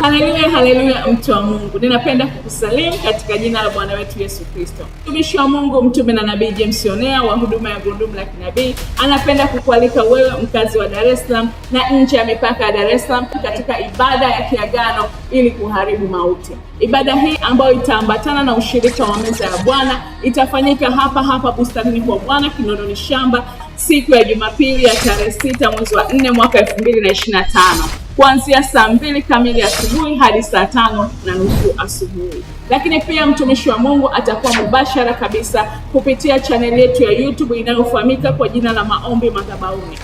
Haleluya, haleluya, mtu wa Mungu, ninapenda kukusalimu katika jina la Bwana wetu Yesu Kristo. Mtumishi wa Mungu, mtume na nabii James Onea wa huduma ya Gurudumu la Kinabii anapenda kukualika wewe mkazi wa Dar es Salaam na nje ya mipaka ya Dar es Salaam katika ibada ya kiagano ili kuharibu mauti. Ibada hii ambayo itaambatana na ushirika wa meza ya Bwana itafanyika hapa hapa bustanini kwa Bwana Kinondoni Shamba siku ya Jumapili ya tarehe sita mwezi wa nne mwaka elfu mbili na ishirini na tano kuanzia saa mbili kamili asubuhi hadi saa tano na nusu asubuhi. Lakini pia mtumishi wa Mungu atakuwa mubashara kabisa kupitia chaneli yetu ya YouTube inayofahamika kwa jina la Maombi Madhabahuni.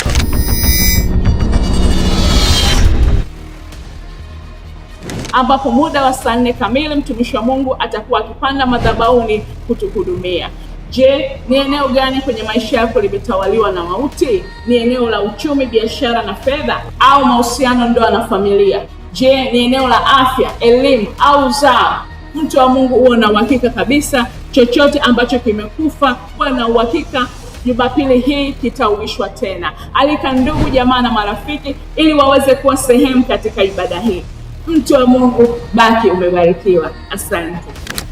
ambapo muda wa saa nne kamili mtumishi wa Mungu atakuwa akipanda madhabahuni kutuhudumia. Je, ni eneo gani kwenye maisha yako limetawaliwa na mauti? Ni eneo la uchumi, biashara na fedha, au mahusiano, ndoa na familia? Je, ni eneo la afya, elimu au uzao? Mtu wa Mungu, huo na uhakika kabisa, chochote ambacho kimekufa, huwa na uhakika Jumapili hii kitauishwa tena. Alika ndugu jamaa na marafiki ili waweze kuwa sehemu katika ibada hii. Mtu wa Mungu, baki umebarikiwa. Asante.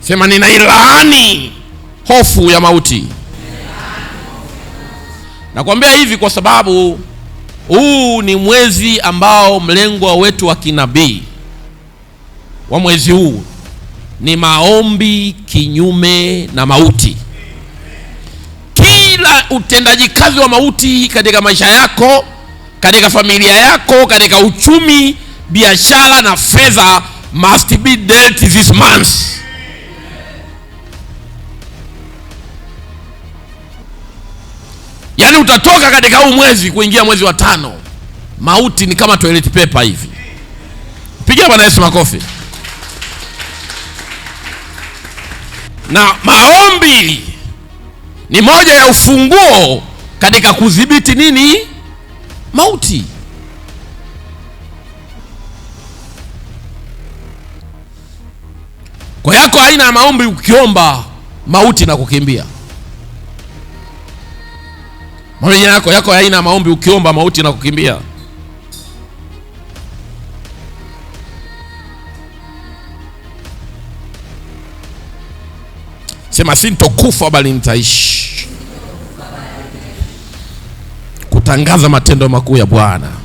Sema, ninailaani hofu ya mauti. Nakwambia hivi kwa sababu huu ni mwezi ambao mlengwa wetu wa kinabii wa mwezi huu ni maombi kinyume na mauti. Kila utendaji kazi wa mauti katika maisha yako, katika familia yako, katika uchumi, biashara na fedha must be dealt this month. Yaani utatoka katika huu mwezi kuingia mwezi wa tano, mauti ni kama toilet paper hivi. Pigia Bwana Yesu makofi. Na maombi ni moja ya ufunguo katika kudhibiti nini? Mauti. Kwa yako aina ya maombi, ukiomba mauti na kukimbia. Majina yako yako haina maombi, ukiomba mauti na kukimbia. Sema sintokufa bali nitaishi, kutangaza matendo makuu ya Bwana.